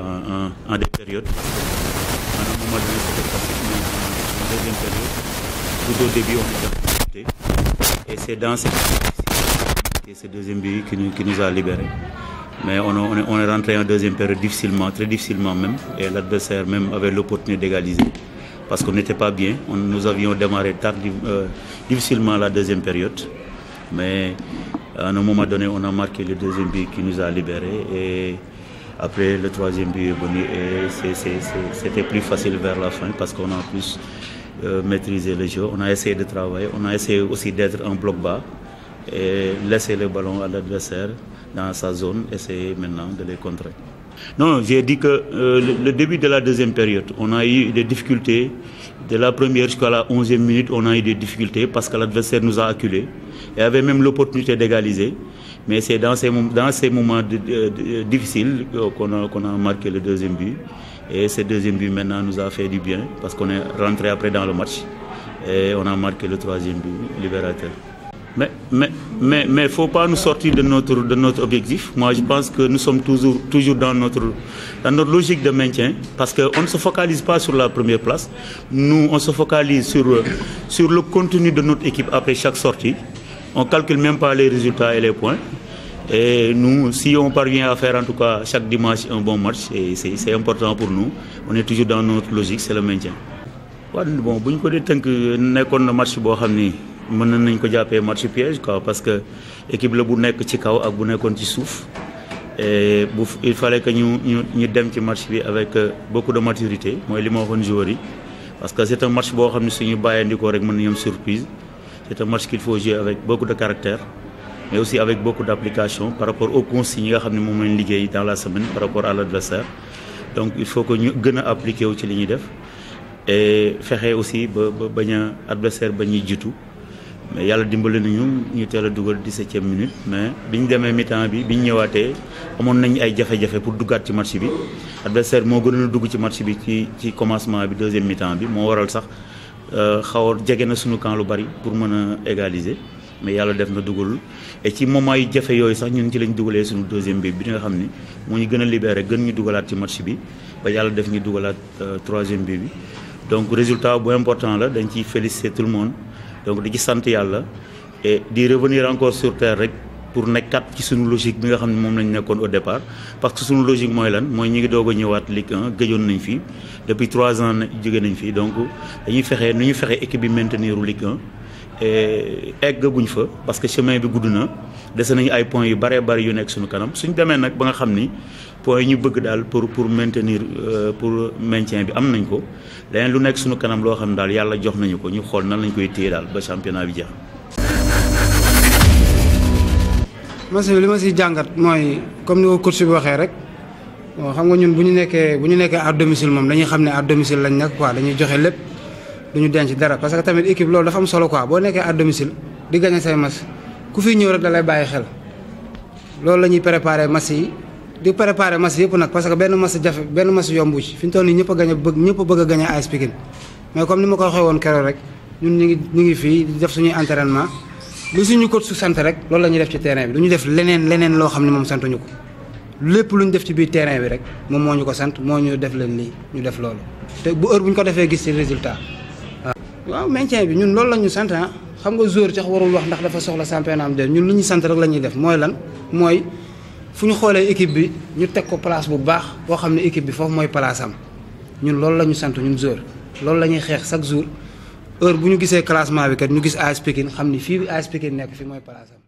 en en des périodes maanaam moment donné c'était facile mais en deuxième période tout et c'est dans cette difficulté ce deuxième but qui nous a libérés mais on on est on est rentré en deuxième période difficilement très difficilement même et l'adversaire même avait l'opportunité d'égaliser parce qu'on n'était pas bien nous avions démarré tardif euh, difficilement la deuxième période mais à un moment donné on a marqué le deuxième but qui nous a libérés Après, le troisième but est venu et c'était plus facile vers la fin parce qu'on a plus euh, maîtrisé le jeu. On a essayé de travailler. On a essayé aussi d'être en bloc bas et laisser le ballon à l'adversaire dans sa zone, essayer maintenant de les contrer. Non, j'ai dit que euh, le, le début de la deuxième période, on a eu des difficultés. De la première jusqu'à la onzième minute, on a eu des difficultés parce que l'adversaire nous a acculés et avait même l'opportunité d'égaliser. Mais c'est dans ces, dans ces moments de, euh, de, euh, de, difficiles qu'on a, qu a, marqué le deuxième but. Et ce deuxième but maintenant nous a fait du bien parce qu'on est rentré après dans le match et on a marqué le troisième but libérateur. Mais il mais, mais, mais, faut pas nous sortir de notre, de notre objectif. Moi, je pense que nous sommes toujours, toujours dans, notre, dans notre logique de maintien parce qu'on ne se focalise pas sur la première place. Nous, on se focalise sur, sur le contenu de notre équipe après chaque sortie. on calcule même pas les résultats et les points. Et nous, si on parvient à en tout cas chaque dimanche un bon match, c'est important pour nous. On est toujours dans notre logique, c'est le maintien. Bon, si on a un match, mën nañ ko jàppee match piège quoi parce que équipe la bu nekk ci kaw ak bu nekkoon ci suuf et bu il fallait que ñu ñu ñu dem ci match bi avec euh, beaucoup de maturité mooy li ma waxoon joueurs yi parce que c'est match boo xam ne ñu bàyyandikoo rek mën nañu am surprise C'est un match qu'il faut jouer avec beaucoup de caractère, mais aussi avec beaucoup xam par rapport aux consignes qui sont liguées dans la semaine par rapport à l'adversaire. Donc il faut que nous appliquions ce que nous faisons et faire aussi que l'adversaire soit du tout. mais yàlla dimbali nañu ñu teel a dugal dix-septième minute mais bi ñu demee mi bi bi ñu ñëwaatee amoon nañ ay jafe-jafe pour duggaat ci match bi adversaire moo gënoon a dugg ci match bi ci ci commencement bi deuxième mi bi moo waral sax Euh, xaw a jege na suñu camp lu bari pour mën a égaliser mais yàlla def na dugalul et ci moment yu jafe yooyu sax ñu ñun ci lañ dugalee suñu deuxième bi bi nga xam ni moo ñu gën a libéré gën ñu dugalaat ci match bi ba yàlla def ñu dugalaat euh, troisième bi bi donc résultat bu important la dañ ciy féliciter tout le monde donc di ci sant yàlla e di revenir encore sur terre rek pour nekkat ci suñu logique bi nga xam ne moom lañu nekkoon au départ parce que suñu logique mooy lan mooy ñu ngi doog a ñëwaat Ligue 1 gëjoon nañ fi depuis trois ans jóge nañ fii donc dañuy fexe nu ñu fexe équipe bi maintenir Ligue 1 guñ fa parce que chemin bi gudd na dese nañu ay points yu bëree bëri yu nekk suñu kanam suñ demee nag ba nga xam ni points yi ñu bëgg daal pour pour maintenir euh, pour maintien bi am nañ ko leneen lu nekk sunu kanam loo xam ne daal yàlla jox nañu ko ñu xool nan lañ koy téye daal ba bi jeex. match bi li ma si jàngat mooy comme ni ko coach bi waxee rek bon ñun bu ñu nekkee bu ñu nekkee à domicile moom dañuy xam ne à domicile lañ nag quoi dañuy joxe lépp duñu denc dara parce que tamit équipe loolu dafa solo quoi boo nekkee à domicile di gagné say ku fi ñëw rek da lay bàyyi xel loolu la ñuy préparé match yi di préparé match yëpp nag parce que benn match jafe benn match yombu ci fi ñu toll ñëpp a ñëpp a bëgg a ma ko waxee woon keroog rek ñun ñu ngi ñu ngi fii di def suñuy entraînement lu suñu coach su sant rek loolu la ñuy def ci terrain bi du def leneen leneen loo xam ne moom santuñu ko lépp lu ñu def ci biir terrain bi rek moom moo ñu ko sant moo ñu def leen lii ñu def loolu te bu heure bu ñu ko defee gis ci résultat waaw maintien bi ñun loolu la ñu sant ah xam nga joueur sax warul wax ndax dafa soxla championnat am de ñun lu ñu sant rek lañuy def mooy lan mooy fu ñu xoolee équipe bi ñu teg ko place bu baax boo xam ne équipe bi foofu mooy place am ñun loolu la ñu sant ñun joueur loolu la ñuy xeex chaque jour heure bu ñu gisee classement bi kat ñu gis AS xam ni fii AS Pikine nekk fi mooy palaasam.